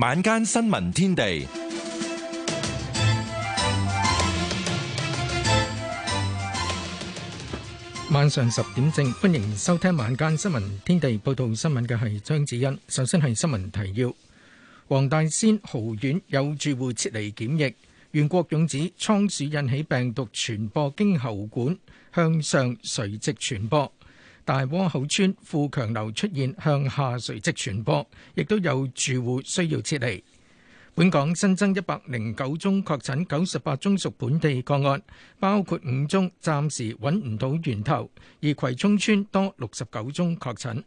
晚間新聞天地，晚上十點正，歡迎收聽晚間新聞天地。報道新聞嘅係張子欣。首先係新聞提要：黃大仙豪苑有住戶撤離檢疫，袁國勇指倉鼠引起病毒傳播經喉管向上垂直傳播。大窩口村富強樓出現向下垂直傳播，亦都有住戶需要撤離。本港新增一百零九宗確診，九十八宗屬本地個案，包括五宗暫時揾唔到源頭。而葵涌村多六十九宗確診。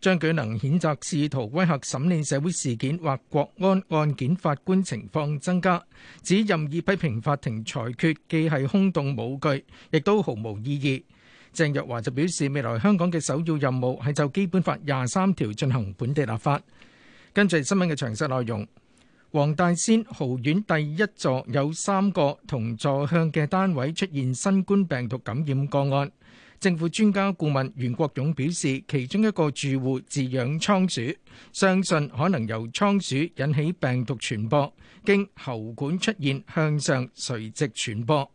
張舉能譴責試圖威嚇審理社會事件或國安案件法官情況增加，指任意批評法庭裁，裁決既係空洞無據，亦都毫無意義。鄭若驊就表示，未來香港嘅首要任務係就《基本法》廿三條進行本地立法。跟住係新聞嘅詳細內容，黃大仙豪苑第一座有三個同座向嘅單位出現新冠病毒感染個案。政府專家顧問袁國勇表示，其中一個住戶飼養倉鼠，相信可能由倉鼠引起病毒傳播，經喉管出現向上垂直傳播。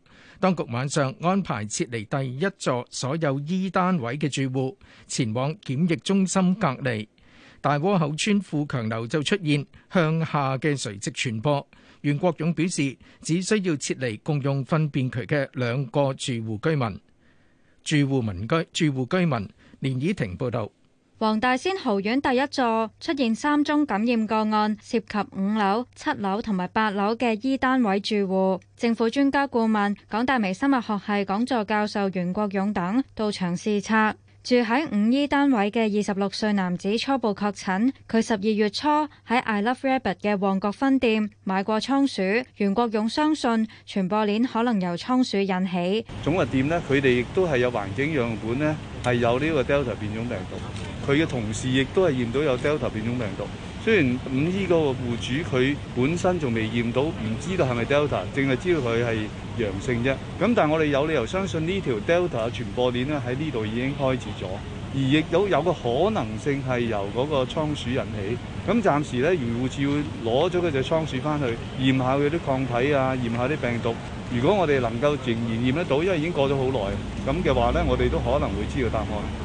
當局晚上安排撤離第一座所有 E 單位嘅住戶，前往檢疫中心隔離。大窩口村富強樓就出現向下嘅垂直傳播。袁國勇表示，只需要撤離共用糞便渠嘅兩個住戶居民。住戶民居住戶居民，連以婷報導。黃大仙豪苑第一座出現三宗感染個案，涉及五樓、七樓同埋八樓嘅 E 單位住戶。政府專家顧問、港大微生物學系講座教授袁國勇等到場視察。住喺五 E 單位嘅二十六歲男子初步確診，佢十二月初喺 I Love Rabbit 嘅旺角分店買過倉鼠。袁國勇相信傳播鏈可能由倉鼠引起。總店呢，佢哋亦都係有環境樣本，呢係有呢個 Delta 變種病毒。佢嘅同事亦都係驗到有 Delta 變種病毒，雖然五醫嗰個戶主佢本身仲未驗到，唔知道係咪 Delta，淨係知道佢係陽性啫。咁但係我哋有理由相信呢條 Delta 嘅傳播鏈咧喺呢度已經開始咗，而亦都有個可能性係由嗰個倉鼠引起。咁暫時咧，原護士會攞咗嗰隻倉鼠翻去驗下佢啲抗體啊，驗下啲病毒。如果我哋能夠仍然驗得到，因為已經過咗好耐，咁嘅話咧，我哋都可能會知道答案。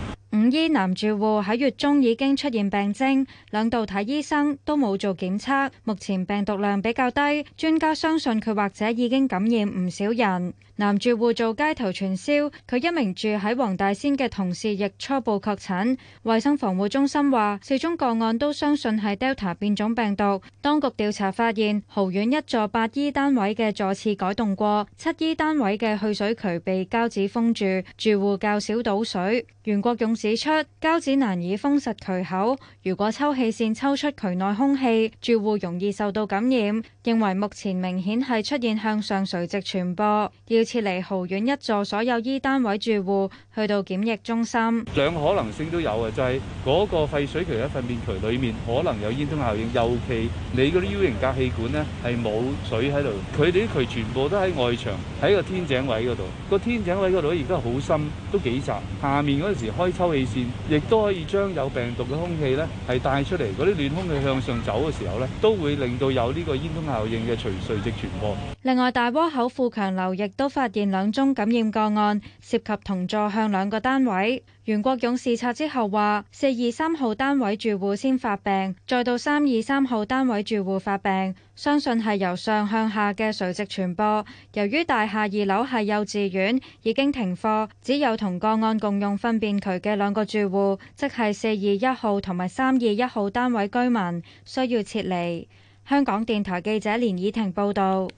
依男住戶喺月中已經出現病徵，兩度睇醫生都冇做檢測。目前病毒量比較低，專家相信佢或者已經感染唔少人。男住戶做街頭傳銷，佢一名住喺黃大仙嘅同事亦初步確診。衛生防護中心話四宗個案都相信係 Delta 變種病毒。當局調查發現豪苑一座八 E 單位嘅坐廁改動過七 E 單位嘅去水渠被膠紙封住，住戶較少倒水。袁國勇指出，膠紙難以封實渠口，如果抽氣扇抽出渠內空氣住戶容易受到感染。認為目前明顯係出現向上垂直傳播。要撤離豪苑一座所有 E 單位住戶去到檢疫中心，兩可能性都有啊，就係、是、嗰個廢水渠喺糞便渠裏面可能有煙囪效應，尤其你嗰啲 U 型隔氣管呢，係冇水喺度，佢哋啲渠全部都喺外牆，喺個天井位嗰度，嗰個天井位嗰度而家好深，都幾窄，下面嗰陣時開抽氣扇，亦都可以將有病毒嘅空氣呢係帶出嚟，嗰啲暖空氣向上走嘅時候呢，都會令到有呢個煙囪效應嘅隨垂直傳播。另外，大窩口富強樓亦都。發現兩宗感染個案，涉及同座向兩個單位。袁國勇視察之後話，四二三號單位住戶先發病，再到三二三號單位住戶發病，相信係由上向下嘅垂直傳播。由於大廈二樓係幼稚園，已經停課，只有同個案共用糞便渠嘅兩個住戶，即係四二一號同埋三二一號單位居民，需要撤離。香港電台記者連以婷報道。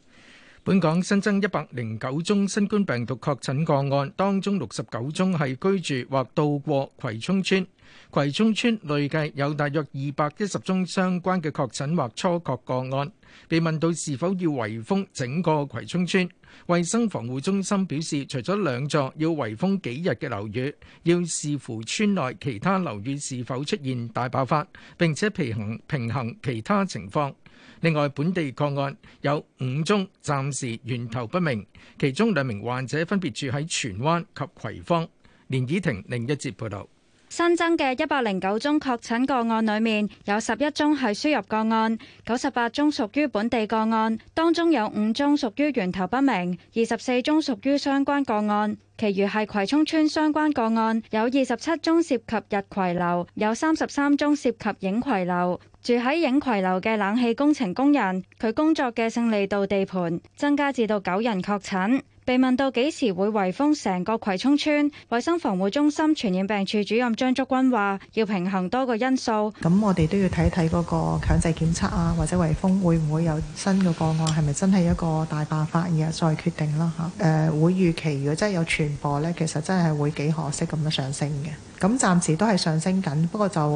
本港新增一百零九宗新冠病毒確診個案，當中六十九宗係居住或到過葵涌村。葵涌村累計有大約二百一十宗相關嘅確診或初確個案。被問到是否要圍封整個葵涌村，衛生防護中心表示，除咗兩座要圍封幾日嘅樓宇，要視乎村內其他樓宇是否出現大爆發，並且平衡平衡其他情況。另外，本地個案有五宗，暫時源頭不明，其中兩名患者分別住喺荃灣及葵芳。連倚婷另一節報道。新增嘅一百零九宗確診個案裏面，有十一宗係輸入個案，九十八宗屬於本地個案，當中有五宗屬於源頭不明，二十四宗屬於相關個案，其餘係葵涌村相關個案，有二十七宗涉及日葵樓，有三十三宗涉及影葵樓。住喺影葵樓嘅冷氣工程工人，佢工作嘅勝利道地盤增加至到九人確診。被問到幾時會圍封成個葵涌村，衞生防護中心傳染病處主任張竹君話：要平衡多個因素，咁我哋都要睇睇嗰個強制檢測啊，或者圍封會唔會有新嘅個案，係咪真係一個大爆發，然後再決定啦。嚇。誒，會預期如果真係有傳播咧，其實真係會幾可惜咁樣上升嘅。咁暫時都係上升緊，不過就誒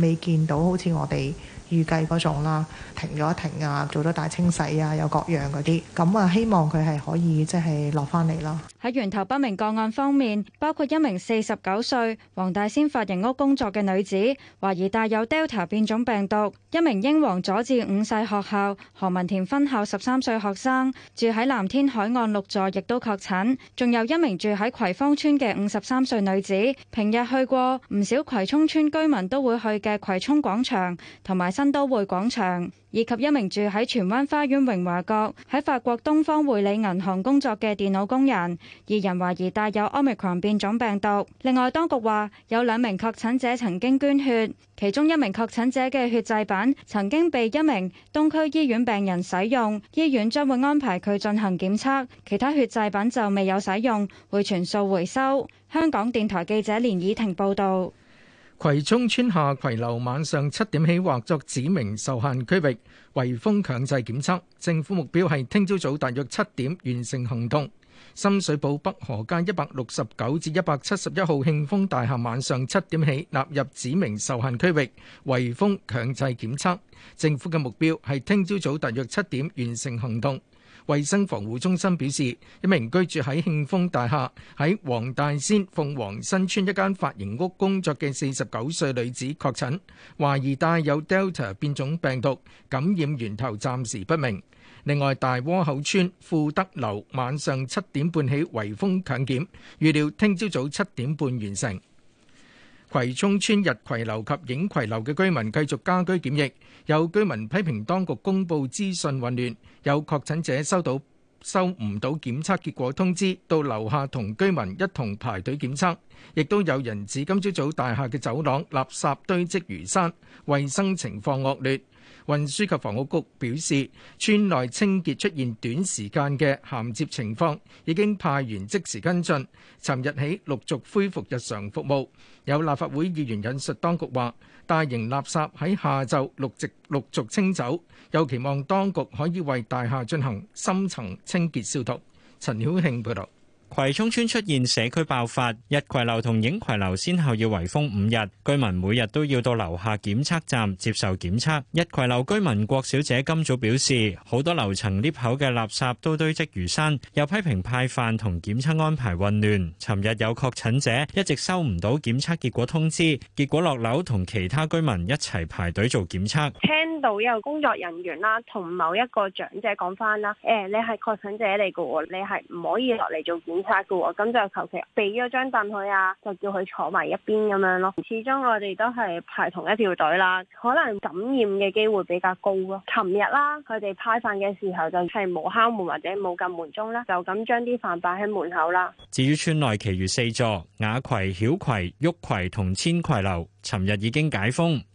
未、呃、見到好似我哋。預計嗰種啦，停咗一停啊，做咗大清洗啊，有各樣嗰啲，咁啊希望佢係可以即係、就是、落翻嚟囉。喺源頭不明個案方面，包括一名四十九歲黃大仙髮型屋工作嘅女子，懷疑帶有 Delta 變種病毒；一名英皇佐治五世學校何文田分校十三歲學生住喺藍天海岸六座確診，亦都確診。仲有一名住喺葵芳村嘅五十三歲女子，平日去過唔少葵涌村居民都會去嘅葵涌廣場，同埋。新都會廣場以及一名住喺荃灣花園榮華閣、喺法國東方匯理銀行工作嘅電腦工人，二人懷疑帶有奧密克戎變種病毒。另外，當局話有兩名確診者曾經捐血，其中一名確診者嘅血製品曾經被一名東區醫院病人使用，醫院將會安排佢進行檢測，其他血製品就未有使用，會全數回收。香港電台記者連以婷報導。葵涌村下葵樓晚上七點起劃作指明受限區域，圍封強制檢測。政府目標係聽朝早大約七點完成行動。深水埗北河街一百六十九至一百七十一號慶豐大廈晚上七點起納入指明受限區域，圍封強制檢測。政府嘅目標係聽朝早大約七點完成行動。衛生防護中心表示，一名居住喺慶豐大廈喺黃大仙鳳凰新村一間髮型屋工作嘅四十九歲女子確診，懷疑帶有 Delta 變種病毒，感染源頭暫時不明。另外，大窩口村富德樓晚上七點半起圍封強檢，預料聽朝早七點半完成。葵涌村日葵樓及映葵樓嘅居民繼續家居檢疫，有居民批評當局公布資訊混亂，有確診者收到收唔到檢測結果通知，到樓下同居民一同排隊檢測，亦都有人指今朝早大廈嘅走廊垃圾堆積如山，衛生情況惡劣。運輸及房屋局表示，邨內清潔出現短時間嘅銜接情況，已經派員即時跟進。尋日起陸續恢復日常服務。有立法會議員引述當局話，大型垃圾喺下晝陸續陸續清走，又期望當局可以為大廈進行深層清潔消毒。陳曉慶報道。葵涌邨出現社區爆發，逸葵樓同映葵樓先後要圍封五日，居民每日都要到樓下檢測站接受檢測。逸葵樓居民郭小姐今早表示，好多樓層裂口嘅垃圾都堆積如山，又批評派飯同檢測安排混亂。尋日有確診者一直收唔到檢測結果通知，結果落樓同其他居民一齊排隊做檢測。聽到有工作人員啦，同某一個長者講返啦，誒、欸，你係確診者嚟嘅喎，你係唔可以落嚟做檢。殺嘅咁就求其俾咗張凳佢啊，就叫佢坐埋一邊咁樣咯。始終我哋都係排同一條隊啦，可能感染嘅機會比較高咯。琴日啦，佢哋派飯嘅時候就係冇敲門或者冇撳門鐘啦，就咁將啲飯擺喺門口啦。至於村內其餘四座雅葵、曉葵、玉葵同千葵樓，尋日已經解封。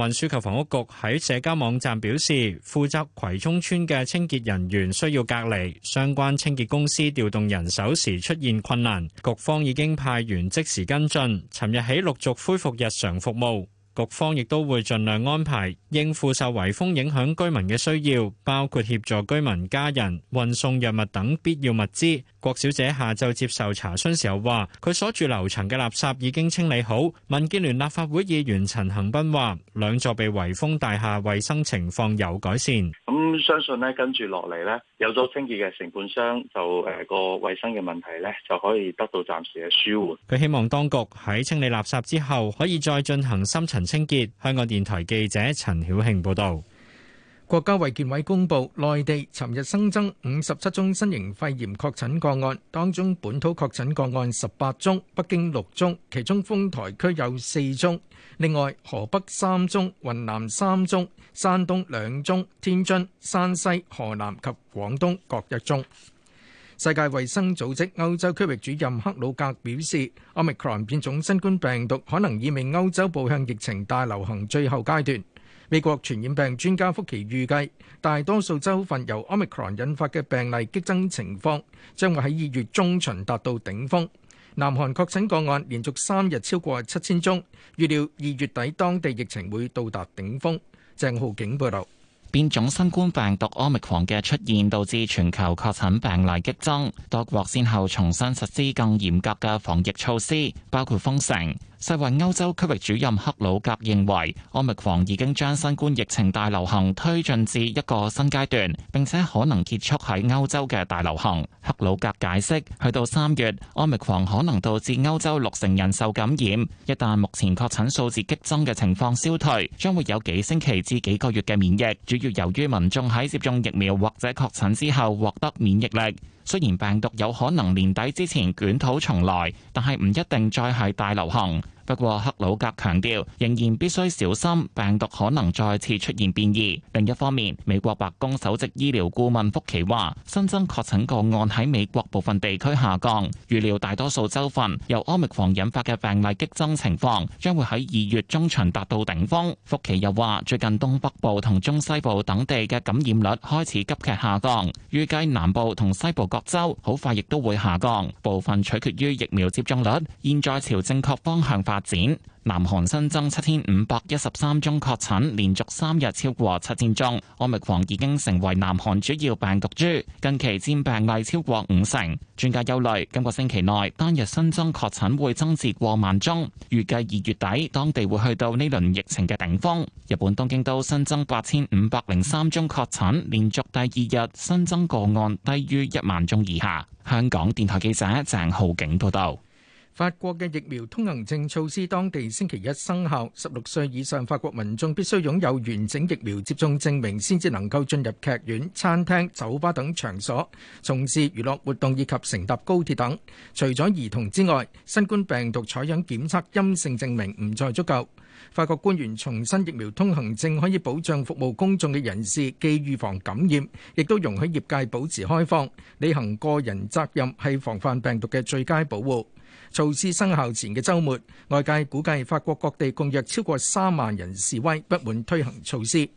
運輸及房屋局喺社交網站表示，負責葵涌村嘅清潔人員需要隔離，相關清潔公司調動人手時出現困難。局方已經派員即時跟進，尋日起陸續恢復日常服務。局方亦都會盡量安排應付受圍封影響居民嘅需要，包括協助居民家人運送藥物等必要物資。郭小姐下晝接受查詢時候話，佢所住樓層嘅垃圾已經清理好。民建聯立法會議員陳恒斌話，兩座被圍封大廈衛生情況有改善，咁相信咧跟住落嚟咧有咗清潔嘅承判商，就誒個衛生嘅問題咧就可以得到暫時嘅舒緩。佢希望當局喺清理垃圾之後，可以再進行深層清潔。香港電台記者陳曉慶報道。國家衛健委公布，內地尋日新增五十七宗新型肺炎確診個案，當中本土確診個案十八宗，北京六宗，其中豐台區有四宗。另外，河北三宗，雲南三宗，山東兩宗，天津、山西、河南及廣東各一宗。世界衛生組織歐洲區域主任克魯格表示，Omicron 變種新冠病毒可能意味歐洲步向疫情大流行最後階段。美國傳染病專家福奇預計，大多數州份由 Omicron 引發嘅病例激增情況，將會喺二月中旬達到頂峰。南韓確診個案連續三日超過七千宗，預料二月底當地疫情會到達頂峰。鄭浩景報道。變種新冠病毒奧密克戎嘅出現，導致全球確診病例激增。多國先後重新實施更嚴格嘅防疫措施，包括封城。世衛歐洲區域主任克魯格認為，奧密克戎已經將新冠疫情大流行推進至一個新階段，並且可能結束喺歐洲嘅大流行。克魯格解釋，去到三月，奧密克戎可能導致歐洲六成人受感染。一旦目前確診數字激增嘅情況消退，將會有幾星期至幾個月嘅免疫。要由於民眾喺接種疫苗或者確診之後獲得免疫力，雖然病毒有可能年底之前捲土重來，但係唔一定再係大流行。不過克魯格強調，仍然必須小心病毒可能再次出現變異。另一方面，美國白宮首席醫療顧問福奇話，新增確診個案喺美國部分地區下降，預料大多數州份由奧密克戎引發嘅病例激增情況將會喺二月中旬達到頂峰。福奇又話，最近東北部同中西部等地嘅感染率開始急劇下降，預計南部同西部各州好快亦都會下降，部分取決於疫苗接種率，現在朝正確方向發展，南韓新增七千五百一十三宗確診，連續三日超過七千宗。奧密克戎已經成為南韓主要病毒株，近期佔病例超過五成。專家憂慮，今個星期內單日新增確診會增至過萬宗，預計二月底當地會去到呢輪疫情嘅頂峰。日本東京都新增八千五百零三宗確診，連續第二日新增個案低於一萬宗以下。香港電台記者鄭浩景報道。法國嘅疫苗通行證措施，當地星期一生效。十六歲以上法國民眾必須擁有完整疫苗接種證明，先至能夠進入劇院、餐廳、酒吧等場所，從事娛樂活動以及乘搭高鐵等。除咗兒童之外，新冠病毒採樣檢測陰性證明唔再足夠。法國官員重申疫苗通行證可以保障服務公眾嘅人士，既預防感染，亦都容許業界保持開放。履行個人責任係防範病毒嘅最佳保護。措施生效前嘅週末，外界估計法國各地共約超過三萬人示威，不滿推行措施。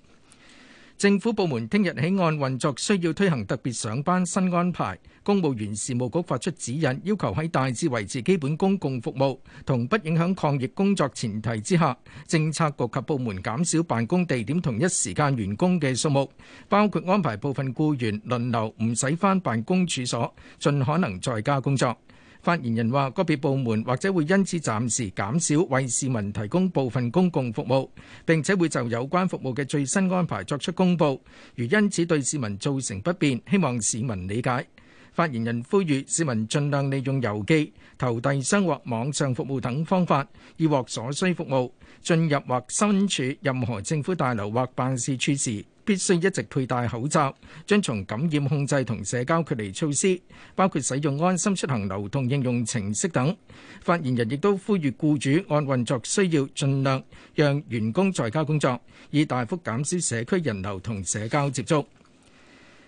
政府部門聽日起按運作需要推行特別上班新安排，公務員事務局發出指引，要求喺大致維持基本公共服務同不影響抗疫工作前提之下，政策局及部門減少辦公地點同一時間員工嘅數目，包括安排部分僱員輪流唔使返辦公處所，盡可能在家工作。發言人話：個別部門或者會因此暫時減少為市民提供部分公共服務，並且會就有關服務嘅最新安排作出公佈。如因此對市民造成不便，希望市民理解。發言人呼籲市民盡量利用郵寄、投遞箱或網上服務等方法以獲所需服務。進入或身處任何政府大樓或辦事處時，必須一直佩戴口罩，遵從感染控制同社交距離措施，包括使用安心出行流動應用程式等。發言人亦都呼籲僱主按運作需要，盡量讓員工在家工作，以大幅減少社區人流同社交接觸。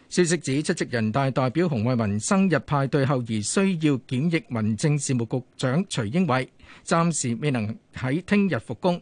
消息指，出席人大代表洪為民生日派對後而需要檢疫，民政事務局長徐英偉暫時未能喺聽日復工。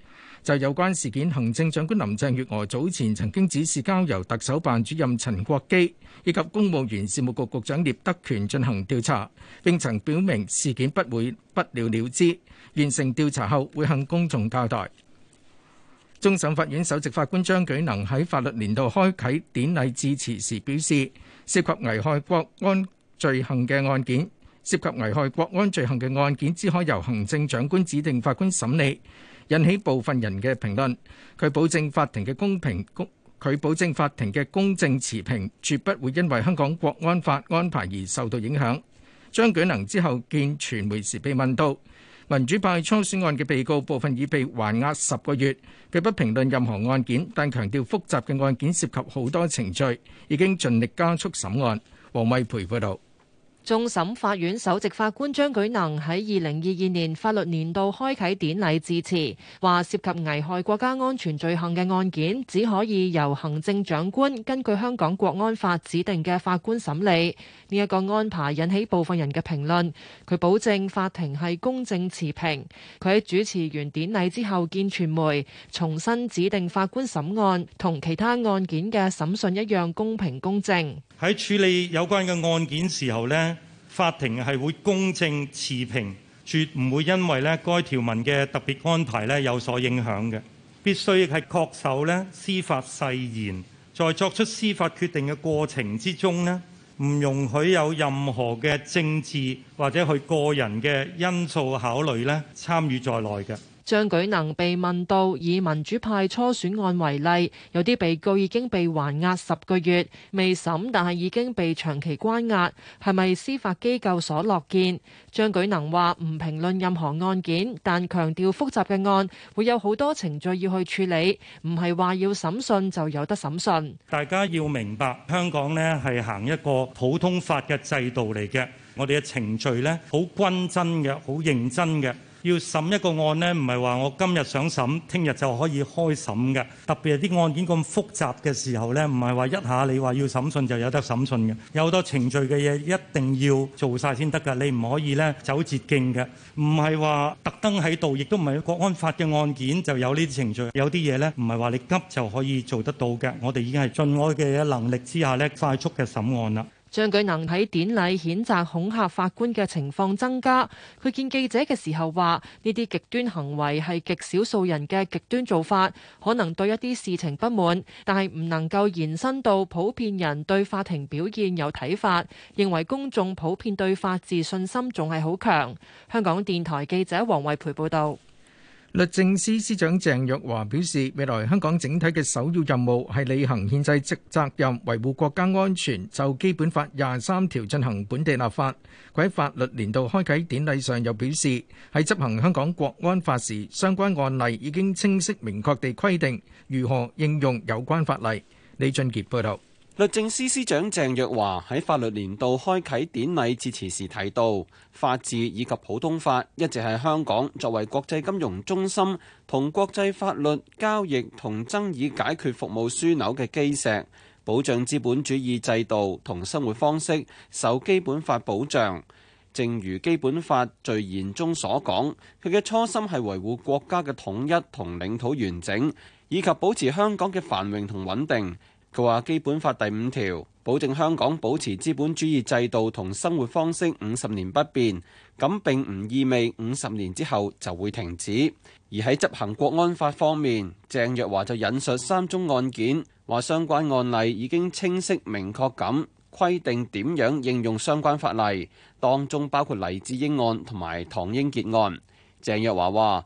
就有關事件，行政長官林鄭月娥早前曾經指示交由特首辦主任陳國基以及公務員事務局局長聶德權進行調查，並曾表明事件不會不了了之，完成調查後會向公眾交代。終審法院首席法官張舉能喺法律年度開啓典禮致辭時表示，涉及危害國安罪行嘅案件，涉及危害國安罪行嘅案件，只可由行政長官指定法官審理。引起部分人嘅評論。佢保證法庭嘅公平公，佢保證法庭嘅公正持平，絕不會因為香港國安法安排而受到影響。張舉能之後見傳媒時被問到民主派初選案嘅被告部分已被還押十個月，佢不評論任何案件，但強調複雜嘅案件涉及好多程序，已經盡力加速審案。黃偉培報導。終審法院首席法官張舉能喺二零二二年法律年度開啟典禮致辭，話涉及危害國家安全罪行嘅案件，只可以由行政長官根據香港國安法指定嘅法官審理。呢、這、一個安排引起部分人嘅評論。佢保證法庭係公正持平。佢喺主持完典禮之後見傳媒，重申指定法官審案同其他案件嘅審訊一樣公平公正。喺處理有關嘅案件時候呢，法庭係會公正持平，絕唔會因為呢該條文嘅特別安排呢，有所影響嘅。必須係恪守呢司法誓言，在作出司法決定嘅過程之中呢，唔容許有任何嘅政治或者佢個人嘅因素考慮呢參與在內嘅。張舉能被問到以民主派初選案為例，有啲被告已經被還押十個月未審，但係已經被長期關押，係咪司法機構所樂見？張舉能話唔評論任何案件，但強調複雜嘅案會有好多程序要去處理，唔係話要審訊就有得審訊。大家要明白，香港呢係行一個普通法嘅制度嚟嘅，我哋嘅程序呢，好均真嘅，好認真嘅。要審一個案呢，唔係話我今日想審，聽日就可以開審嘅。特別係啲案件咁複雜嘅時候呢，唔係話一下你話要審訊就有得審訊嘅。有好多程序嘅嘢一定要做晒先得㗎，你唔可以呢走捷徑嘅。唔係話特登喺度，亦都唔係國安法嘅案件就有呢啲程序。有啲嘢呢，唔係話你急就可以做得到嘅。我哋已經係盡我嘅能力之下呢，快速嘅審案啦。張舉能喺典禮譴責恐嚇法官嘅情況增加，佢見記者嘅時候話：呢啲極端行為係極少數人嘅極端做法，可能對一啲事情不滿，但係唔能夠延伸到普遍人對法庭表現有睇法，認為公眾普遍對法治信心仲係好強。香港電台記者黃慧培報道。律政司司長鄭若驊表示，未來香港整體嘅首要任務係履行憲制責任，維護國家安全，就基本法廿三條進行本地立法。佢喺法律年度開啟典禮上又表示，喺執行香港國安法時，相關案例已經清晰明確地規定如何應用有關法例。李俊傑報道。律政司司長鄭若驊喺法律年度開啟典禮致辭時提到，法治以及普通法一直係香港作為國際金融中心同國際法律交易同爭議解決服務樞紐嘅基石，保障資本主義制度同生活方式受基本法保障。正如基本法序言中所講，佢嘅初心係維護國家嘅統一同領土完整，以及保持香港嘅繁榮同穩定。佢話《基本法》第五條保證香港保持資本主義制度同生活方式五十年不變，咁並唔意味五十年之後就會停止。而喺執行國安法方面，鄭若驊就引述三宗案件，話相關案例已經清晰明確咁規定點樣應用相關法例，當中包括黎智英案同埋唐英傑案。鄭若驊話。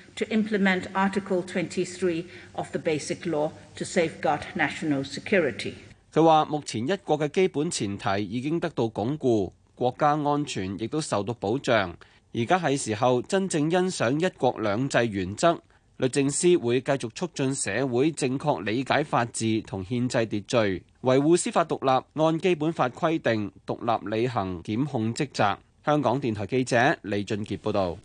佢話：目前一國嘅基本前提已經得到鞏固，國家安全亦都受到保障。而家係時候真正欣賞一國兩制原則。律政司會繼續促進社會正確理解法治同憲制秩序，維護司法獨立，按基本法規定獨立履行檢控職責。香港電台記者李俊傑報導。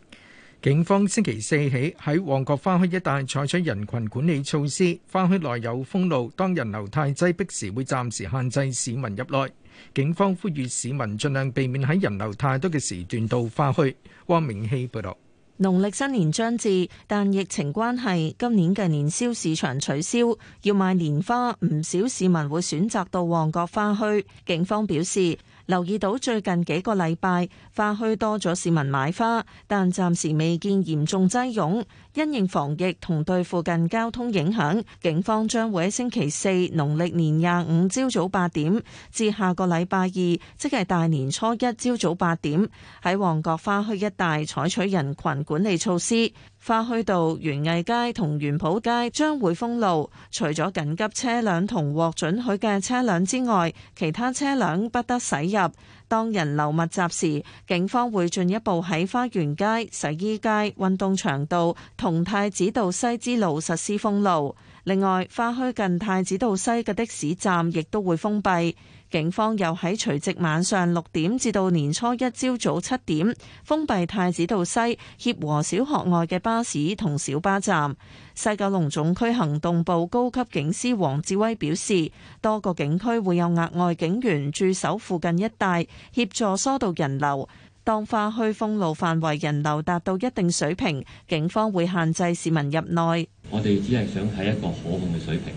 警方星期四起喺旺角花墟一帶採取人群管理措施，花墟內有封路，當人流太擠逼時會暫時限制市民入內。警方呼籲市民盡量避免喺人流太多嘅時段到花墟。汪明熙報道。農曆新年將至，但疫情關係，今年嘅年宵市場取消，要買年花，唔少市民會選擇到旺角花墟。警方表示，留意到最近幾個禮拜花墟多咗市民買花，但暫時未見嚴重擠擁。因應防疫同對附近交通影響，警方將會喺星期四（農曆年廿五）朝早八點至下個禮拜二，即係大年初一朝早八點，喺旺角花墟一帶採取人群管理措施。花墟道、園藝街同園圃街將會封路，除咗緊急車輛同獲准許嘅車輛之外，其他車輛不得駛入。當人流密集時，警方會進一步喺花園街、洗衣街、運動場道同太子道西之路實施封路。另外，花墟近太子道西嘅的，的士站亦都會封閉。警方又喺除夕晚上六點至到年初一朝早七點，封閉太子道西、協和小學外嘅巴士同小巴站。西九龍總區行動部高級警司黃志威表示，多個警區會有額外警員駐守附近一帶，協助疏導人流。當花墟封路範圍人流達到一定水平，警方會限制市民入內。我哋只係想睇一個可控嘅水平。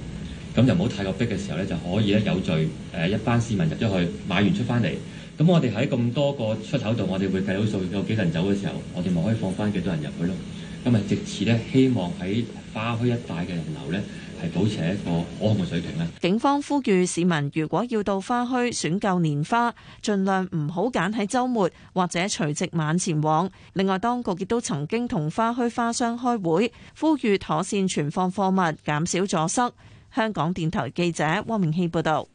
咁就唔好太過逼嘅時候呢，就可以咧有序。誒一班市民入咗去買完出翻嚟。咁我哋喺咁多個出口度，我哋會計好數有幾人走嘅時候，我哋咪可以放翻幾多人入去咯。咁啊，直至呢，希望喺花墟一帶嘅人流呢，係保持一個可控嘅水平啦。警方呼籲市民，如果要到花墟選購年花，盡量唔好揀喺週末或者除夕晚前往。另外，當局亦都曾經同花墟花商開會，呼籲妥善存放貨物，減少阻塞。香港電台記者汪明熙報道：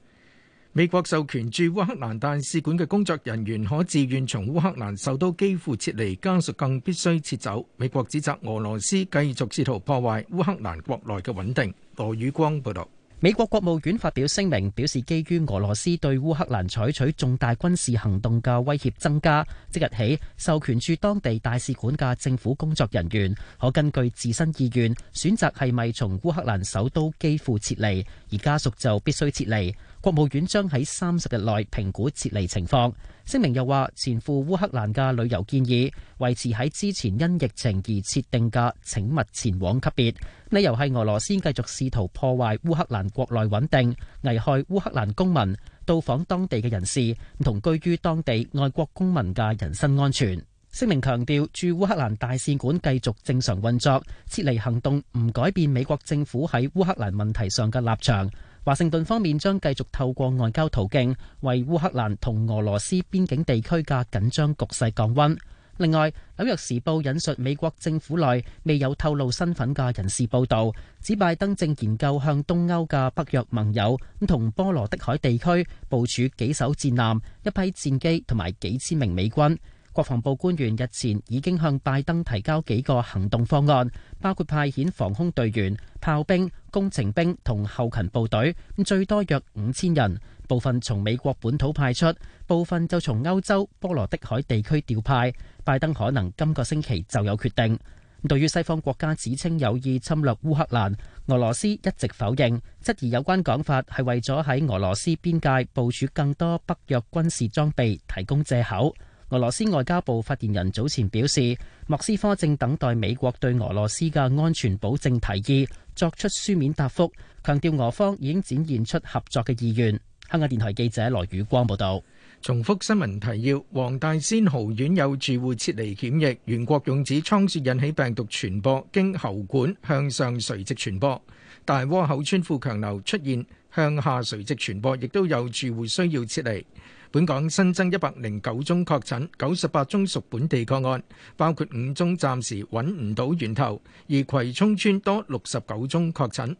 美國授權駐烏克蘭大使館嘅工作人員可自願從烏克蘭首都基輔撤離，家屬更必須撤走。美國指責俄羅斯繼續試圖破壞烏克蘭國內嘅穩定。羅宇光報道。美國國務院發表聲明，表示基於俄羅斯對烏克蘭採取重大軍事行動嘅威脅增加，即日起授權駐當地大使館嘅政府工作人員可根據自身意願選擇係咪從烏克蘭首都基輔撤離，而家屬就必須撤離。國務院將喺三十日內評估撤離情況。聲明又話，前赴烏克蘭嘅旅遊建議維持喺之前因疫情而設定嘅請勿前往級別。理由係俄羅斯繼續試圖破壞烏克蘭國內穩定，危害烏克蘭公民到訪當地嘅人士同居於當地外國公民嘅人身安全。聲明強調，駐烏克蘭大使館繼續正常運作，撤離行動唔改變美國政府喺烏克蘭問題上嘅立場。華盛頓方面將繼續透過外交途徑為烏克蘭同俄羅斯邊境地區嘅緊張局勢降溫。另外，《紐約時報》引述美國政府內未有透露身份嘅人士報道指，拜登正研究向東歐嘅北約盟友同波羅的海地區部署幾艘戰艦、一批戰機同埋幾千名美軍。國防部官員日前已經向拜登提交幾個行動方案，包括派遣防空隊員、炮兵。工程兵同後勤部隊，最多約五千人，部分從美國本土派出，部分就從歐洲波羅的海地區調派。拜登可能今個星期就有決定。對於西方國家指稱有意侵略烏克蘭，俄羅斯一直否認，質疑有關講法係為咗喺俄羅斯邊界部署更多北約軍事裝備提供借口。俄羅斯外交部發言人早前表示，莫斯科正等待美國對俄羅斯嘅安全保證提議作出書面答覆，強調俄方已經展現出合作嘅意願。香港電台記者羅宇光報道，重複新聞提要：黃大仙豪苑有住戶撤離檢疫，袁國勇指倉鼠引起病毒傳播，經喉管向上垂直傳播；大窩口村富強樓出現向下垂直傳播，亦都有住戶需要撤離。本港新增一百零九宗確診，九十八宗屬本地個案，包括五宗暫時揾唔到源頭。而葵涌村多六十九宗確診。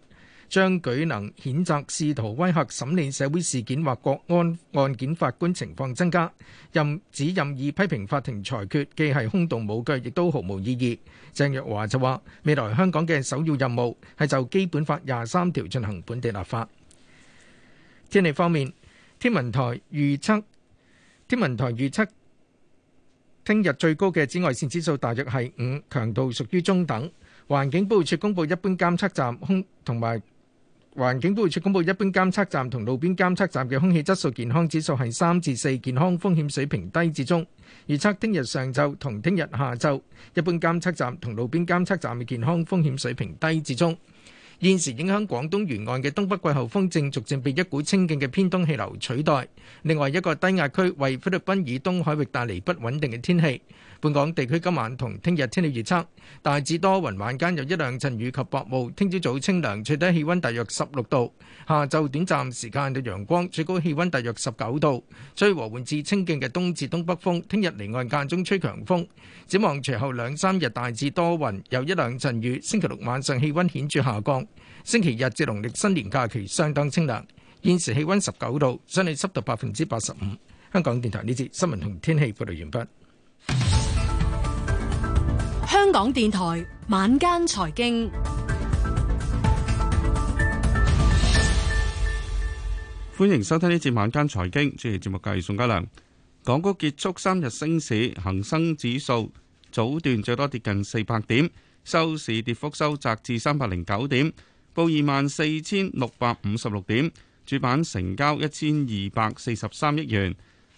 張舉能譴責試圖威嚇審理社會事件或國安案件法官情況增加，任指任意批評法庭裁決，既係空洞無據，亦都毫無意義。鄭若驊就話：未來香港嘅首要任務係就基本法廿三條進行本地立法。天氣方面。天文台預測，天文台預測，聽日最高嘅紫外線指數大約係五，強度屬於中等。環境保護署公佈一般監測站空同埋環境保護署公佈一般監測站同路邊監測站嘅空氣質素健康指數係三至四，健康風險水平低至中。預測聽日上晝同聽日下晝，一般監測站同路邊監測站嘅健康風險水平低至中。現時影響廣東沿岸嘅東北季候風正逐漸被一股清勁嘅偏東氣流取代。另外一個低壓區為菲律賓以東海域帶嚟不穩定嘅天氣。本港地區今晚同聽日天氣預測，大致多雲，晚間有一兩陣雨及薄霧。聽朝早清涼，最低氣温大約十六度。下晝短暫時間到陽光，最高氣温大約十九度。吹和緩至清勁嘅東至東北風。聽日離岸間中吹強風。展望隨後兩三日大致多雲，有一兩陣雨。星期六晚上氣温顯著下降。星期日至農曆新年假期相當清涼，現時氣温十九度，相對濕度百分之八十五。香港電台呢節新聞同天氣報道完畢。香港電台晚間財經，歡迎收聽呢節晚間財經。主持節目嘅係宋嘉良。港股結束三日升市，恒生指數早段最多跌近四百點，收市跌幅收窄至三百零九點，報二萬四千六百五十六點，主板成交一千二百四十三億元。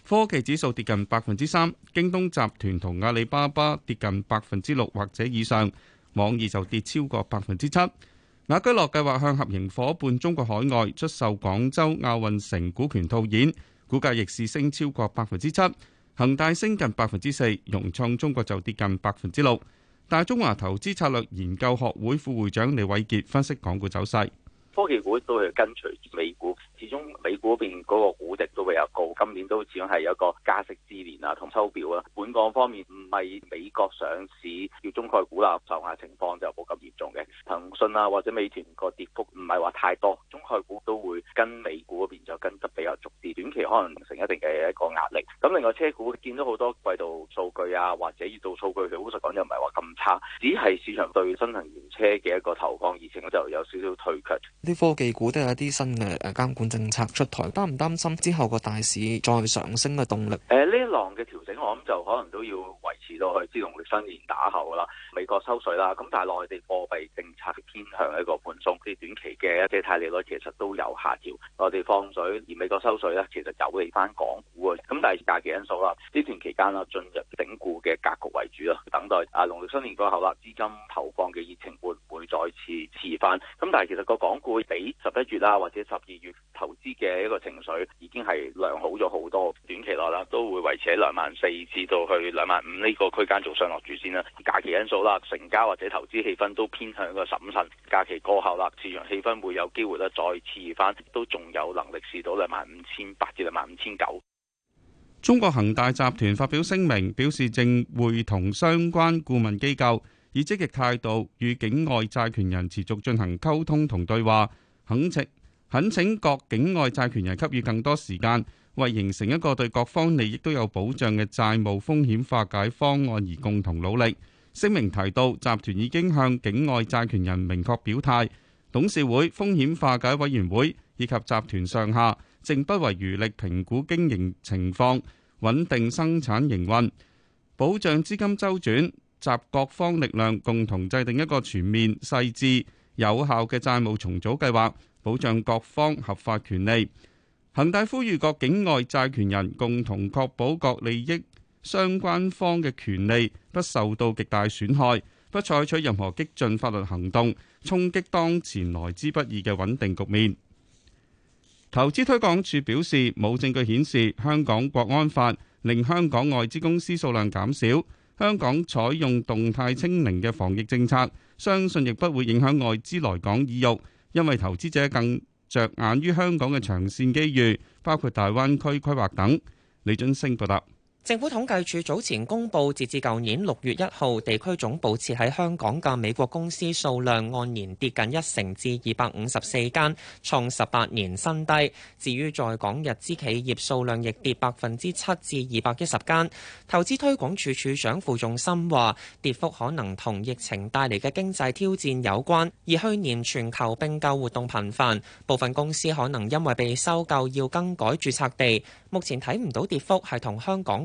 科技指數跌近百分之三，京東集團同阿里巴巴跌近百分之六或者以上，網易就跌超過百分之七。雅居樂計劃向合營夥伴中國海外出售廣州亞運城股權套現，股價逆市升超過百分之七。恒大升近百分之四，融創中國就跌近百分之六。大中華投資策略研究學會副會長李偉杰分析港股走勢。科技股都係跟隨美股，始終美股嗰邊嗰個股值都比較高。今年都始終係一個加息之年啊，同縮表啊。本港方面唔係美國上市叫中概股啦，受壓情況就冇咁嚴重嘅。騰訊啊或者美團個跌幅唔係話太多，中概股都會跟美股嗰邊就跟得比較足啲，短期可能成一定嘅一個壓力。咁另外車股見到好多季度數據啊或者月度數據，佢好實講又唔係話咁差，只係市場對新能源車嘅一個投放熱情就有少少退卻。啲科技股都有一啲新嘅誒監管政策出台，擔唔擔心之後個大市再上升嘅動力？誒呢浪嘅調整，我諗就可能都要維持到去至農曆新年打後啦。美國收水啦，咁但係內地貨幣政策偏向一個寬鬆，即係短期嘅借貸利率其實都有下調。內地放水而美國收水咧，其實有利翻港股啊。咁但係假期因素啦，呢段期間啦，進入整固嘅格局為主啦。等待啊農曆新年過後啦，資金投放嘅熱情活。會再次遲翻，咁但係其實個港股比十一月啦或者十二月投資嘅一個情緒已經係良好咗好多，短期內啦都會維持喺兩萬四至到去兩萬五呢個區間做上落主先啦。假期因素啦，成交或者投資氣氛都偏向一個審慎，假期過後啦，市場氣氛會有機會咧再次翻，都仲有能力試到兩萬五千八至兩萬五千九。中國恆大集團發表聲明，表示正會同相關顧問機構，以積極態度與境外債權人持續進行溝通同對話，懇請懇請各境外債權人給予更多時間，為形成一個對各方利益都有保障嘅債務風險化解方案而共同努力。聲明提到，集團已經向境外債權人明確表態，董事會風險化解委員會以及集團上下正不遺餘力評估經營情況，穩定生產營運，保障資金週轉。集各方力量，共同制定一個全面、細緻、有效嘅債務重組計劃，保障各方合法權利。恒大呼籲各境外債權人共同確保各利益相關方嘅權利不受到極大損害，不採取任何激進法律行動，衝擊當前來之不易嘅穩定局面。投資推廣署表示，冇證據顯示香港國安法令香港外資公司數量減少。香港採用動態清零嘅防疫政策，相信亦不會影響外資來港意欲，因為投資者更着眼於香港嘅長線機遇，包括大灣區規劃等。李津升報道。政府統計處早前公布，截至舊年六月一號，地區總部設喺香港嘅美國公司數量按年跌近一成至二百五十四間，創十八年新低。至於在港日資企業數量亦跌百分之七至二百一十間。投資推廣處處長傅仲森話，跌幅可能同疫情帶嚟嘅經濟挑戰有關，而去年全球併購活動頻繁，部分公司可能因為被收購要更改註冊地。目前睇唔到跌幅係同香港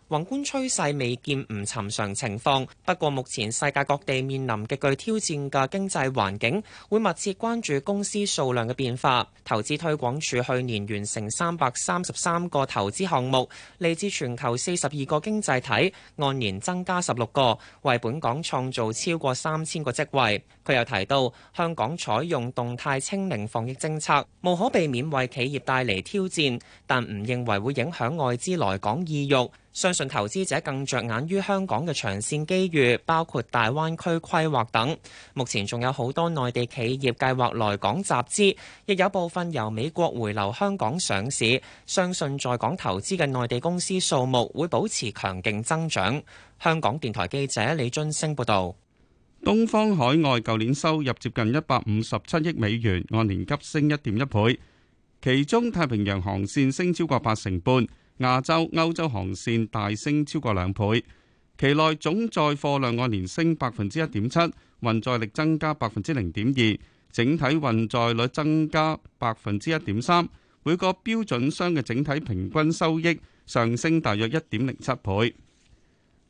宏觀趨勢未見唔尋常情況，不過目前世界各地面臨極具挑戰嘅經濟環境，會密切關注公司數量嘅變化。投資推廣署去年完成三百三十三個投資項目，嚟自全球四十二個經濟體，按年增加十六個，為本港創造超過三千個職位。佢又提到，香港採用動態清零防疫政策，無可避免為企業帶嚟挑戰，但唔認為會影響外資來港意欲。相信投資者更着眼於香港嘅長線機遇，包括大灣區規劃等。目前仲有好多內地企業計劃來港集資，亦有部分由美國回流香港上市。相信在港投資嘅內地公司數目會保持強勁增長，香港電台記者李津星報道。東方海外舊年收入接近一百五十七億美元，按年急升一點一倍，其中太平洋航線升超過八成半。亞洲、歐洲航線大升超過兩倍，期內總載貨量按年升百分之一點七，運載力增加百分之零點二，整體運載率增加百分之一點三。每個標準箱嘅整體平均收益上升大約一點零七倍。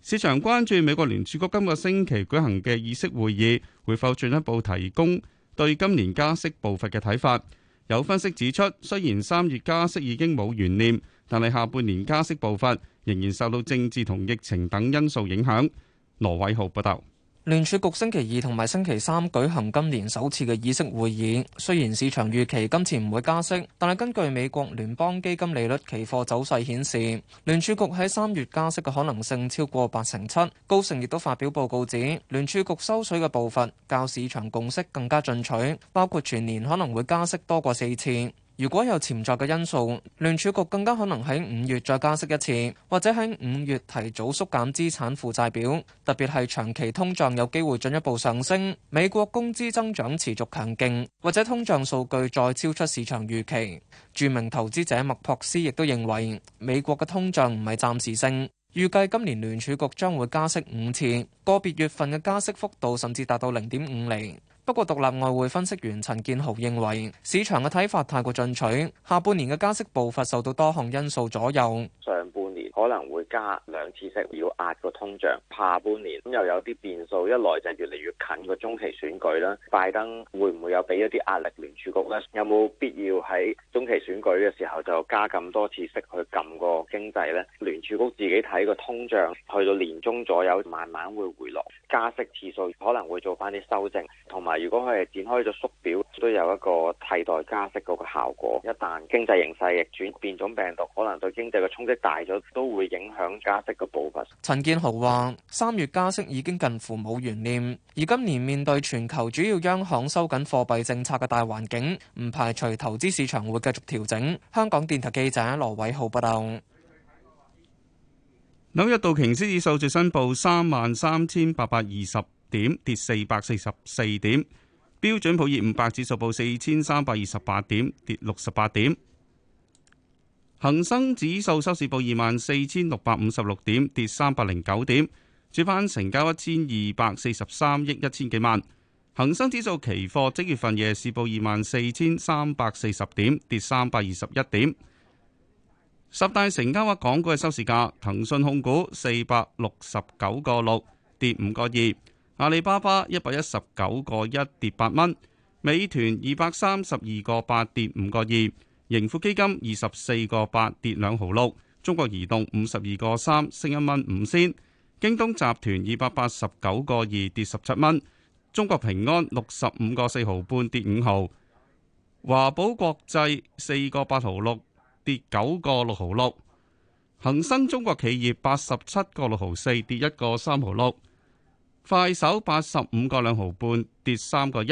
市場關注美國聯儲局今個星期舉行嘅議息會議，會否進一步提供對今年加息步伐嘅睇法。有分析指出，雖然三月加息已經冇懸念。但係下半年加息步伐仍然受到政治同疫情等因素影響。羅偉浩報道，聯儲局星期二同埋星期三舉行今年首次嘅議息會議。雖然市場預期今次唔會加息，但係根據美國聯邦基金利率期貨走勢顯示，聯儲局喺三月加息嘅可能性超過八成七。高盛亦都發表報告指，聯儲局收水嘅步伐較市場共識更加進取，包括全年可能會加息多過四次。如果有潛在嘅因素，聯儲局更加可能喺五月再加息一次，或者喺五月提早縮減資產負債表。特別係長期通脹有機會進一步上升，美國工資增長持續強勁，或者通脹數據再超出市場預期。著名投資者麥柏斯亦都認為美國嘅通脹唔係暫時性，預計今年聯儲局將會加息五次，個別月份嘅加息幅度甚至達到零點五厘。不過，獨立外匯分析員陳建豪認為市場嘅睇法太過進取，下半年嘅加息步伐受到多項因素左右。上半可能會加兩次息，要壓個通脹，下半年咁又有啲變數，一來就越嚟越近個中期選舉啦。拜登會唔會有俾一啲壓力聯儲局咧？有冇必要喺中期選舉嘅時候就加咁多次息去撳個經濟咧？聯儲局自己睇個通脹去到年中左右，慢慢會回落，加息次數可能會做翻啲修正。同埋如果佢係展開咗縮表，都有一個替代加息嗰個效果。一旦經濟形勢逆轉，變種病毒可能對經濟嘅衝擊大咗都會影響加息嘅部分。陳建豪話三月加息已經近乎冇懸念，而今年面對全球主要央行收緊貨幣政策嘅大環境，唔排除投資市場會繼續調整。香港電台記者羅偉浩報導。紐約道瓊斯指數最新報三萬三千八百二十點，跌四百四十四點；標準普爾五百指數報四千三百二十八點，跌六十八點。恒生指數收市報二萬四千六百五十六點，跌三百零九點。主板成交一千二百四十三億一千幾萬。恒生指數期貨即月份夜市報二萬四千三百四十點，跌三百二十一點。十大成交額港股嘅收市價：騰訊控股四百六十九個六，跌五個二；阿里巴巴一百一十九個一，跌八蚊；美團二百三十二個八，跌五個二。盈富基金二十四個八，跌兩毫六，中國移動五十二個三升一蚊五仙，京東集團二百八十九個二跌十七蚊，中國平安六十五個四毫半跌五毫，華寶國際四個八毫六跌九個六毫六，恒生中國企業八十七個六毫四跌一個三毫六，快手八十五個兩毫半跌三個一。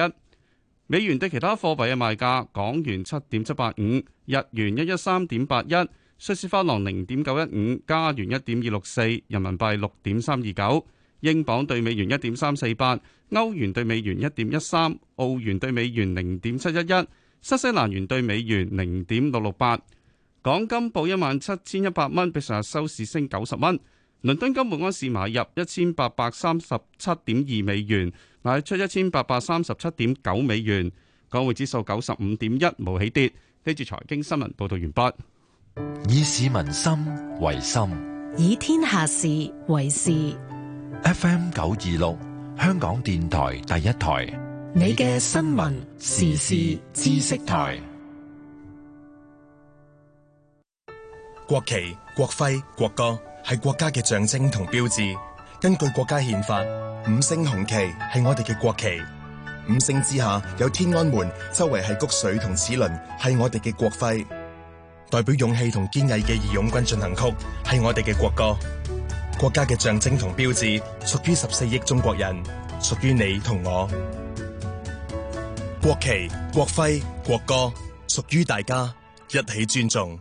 美元對其他貨幣嘅賣價：港元七點七八五，日元一一三點八一，瑞士法郎零點九一五，加元一點二六四，人民幣六點三二九，英鎊對美元一點三四八，歐元對美元一點一三，澳元對美元零點七一一，新西蘭元對美元零點六六八。港金報一萬七千一百蚊，比上日收市升九十蚊。倫敦金每安士買入一千八百三十七點二美元，賣出一千八百三十七點九美元。港匯指數九十五點一，冇起跌。呢段財經新聞報道完畢。以市民心為心，以天下事為事。F M 九二六，香港電台第一台，你嘅新聞時事知識台。國旗、國徽、國歌係國家嘅象徵同標誌。根據國家憲法，五星紅旗係我哋嘅國旗。五星之下有天安門，周圍係谷水同齒輪，係我哋嘅國徽。代表勇氣同堅毅嘅《義勇軍進行曲》係我哋嘅國歌。國家嘅象徵同標誌屬於十四億中國人，屬於你同我。國旗、國徽、國歌屬於大家，一起尊重。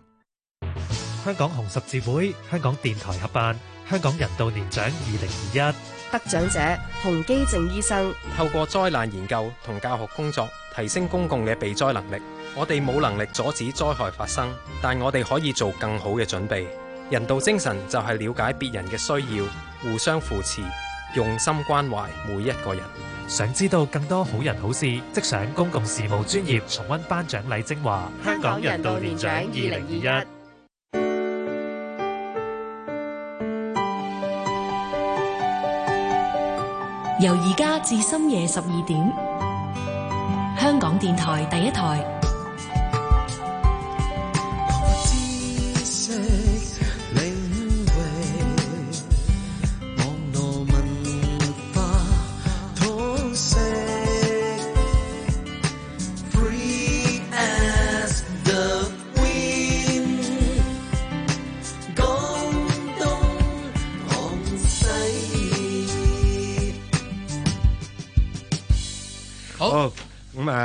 香港紅十字會、香港電台合辦香港人道年獎二零二一得獎者洪基正醫生透過災難研究同教學工作提升公共嘅避災能力。我哋冇能力阻止災害發生，但我哋可以做更好嘅準備。人道精神就係了解別人嘅需要，互相扶持，用心關懷每一個人。想知道更多好人好事，即上公共事務專業重温頒獎禮精華。香港人道年獎二零二一。由而家至深夜十二點，香港電台第一台。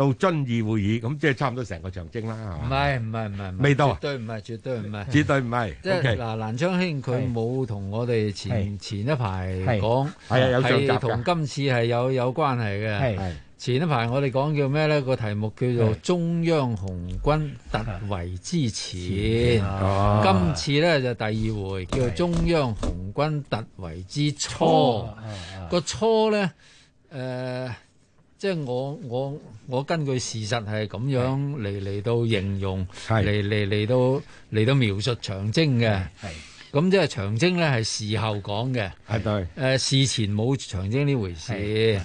到遵義會議咁，即係差唔多成個長征啦，唔係唔係唔係，未到。對唔係，絕對唔係，絕對唔係。即係嗱，南昌兄佢冇同我哋前前一排講，係同今次係有有關係嘅。前一排我哋講叫咩咧？個題目叫做中央紅軍突圍之前。今次咧就第二回，叫做中央紅軍突圍之初。個初咧，誒。即係我我我根據事實係咁樣嚟嚟到形容，嚟嚟嚟到嚟到描述長征嘅。咁即係長征咧，係事後講嘅。誒，事前冇長征呢回事。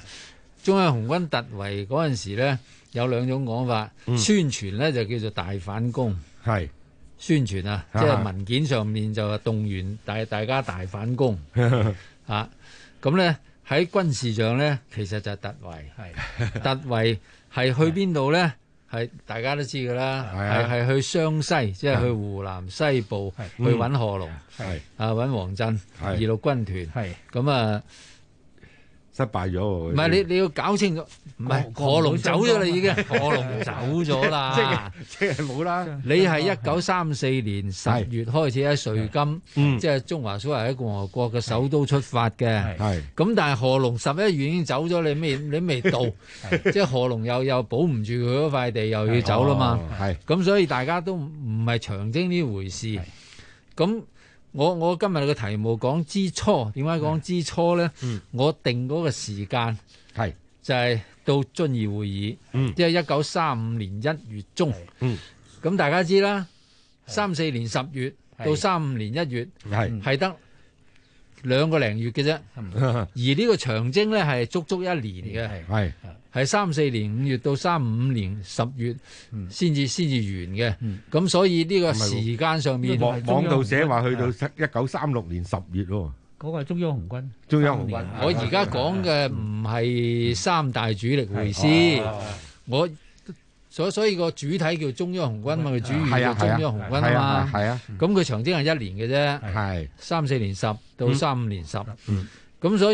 中央紅軍突圍嗰陣時咧，有兩種講法。宣傳咧就叫做大反攻。宣傳啊，即係文件上面就話動員大大家大反攻啊。咁咧。喺軍事上咧，其實就突圍，突圍係去邊度咧？係大家都知噶啦，係係去湘西，即係去湖南西部去揾賀龍，係啊揾王震二六軍團，係咁啊。失敗咗，唔係是這你你要搞清楚，唔係狂賀龍走咗啦已經，賀龍走咗啦，即係冇啦。就是就是，你係一九三四年十月開始喺瑞金，即係中華蘇維埃共和國嘅首都出發嘅，咁但係賀龍十一月已經走咗，你未你未到，即係賀龍又又保唔住佢嗰塊地，又要走啦嘛，咁所以大家都唔係長征呢回事，咁。我我今日個題目講之初，點解講之初咧？嗯、我定嗰個時間係就係到遵義會議，即係一九三五年一月中。咁、嗯嗯、大家知啦，三四年十月到三五是年一月，係係得。兩個零月嘅啫，而呢個長征呢係足足一年嘅，係係三四年五月到三五年十月先至先至完嘅，咁、嗯、 所以呢個時間上面，報 報樂道寫話去到一九三六年十月喎，嗰個係中央紅軍，中央紅軍，嗯、我而家講嘅唔係三大主力會師，嗯嗯嗯哦哦、我。所所以個主體叫中央紅軍嘛，佢是、啊、主要叫中央紅軍嘛，係是啊嘛，咁佢長征係一年嘅啫，係，三四年十到三五年十，是啊、嗯，咁所以。嗯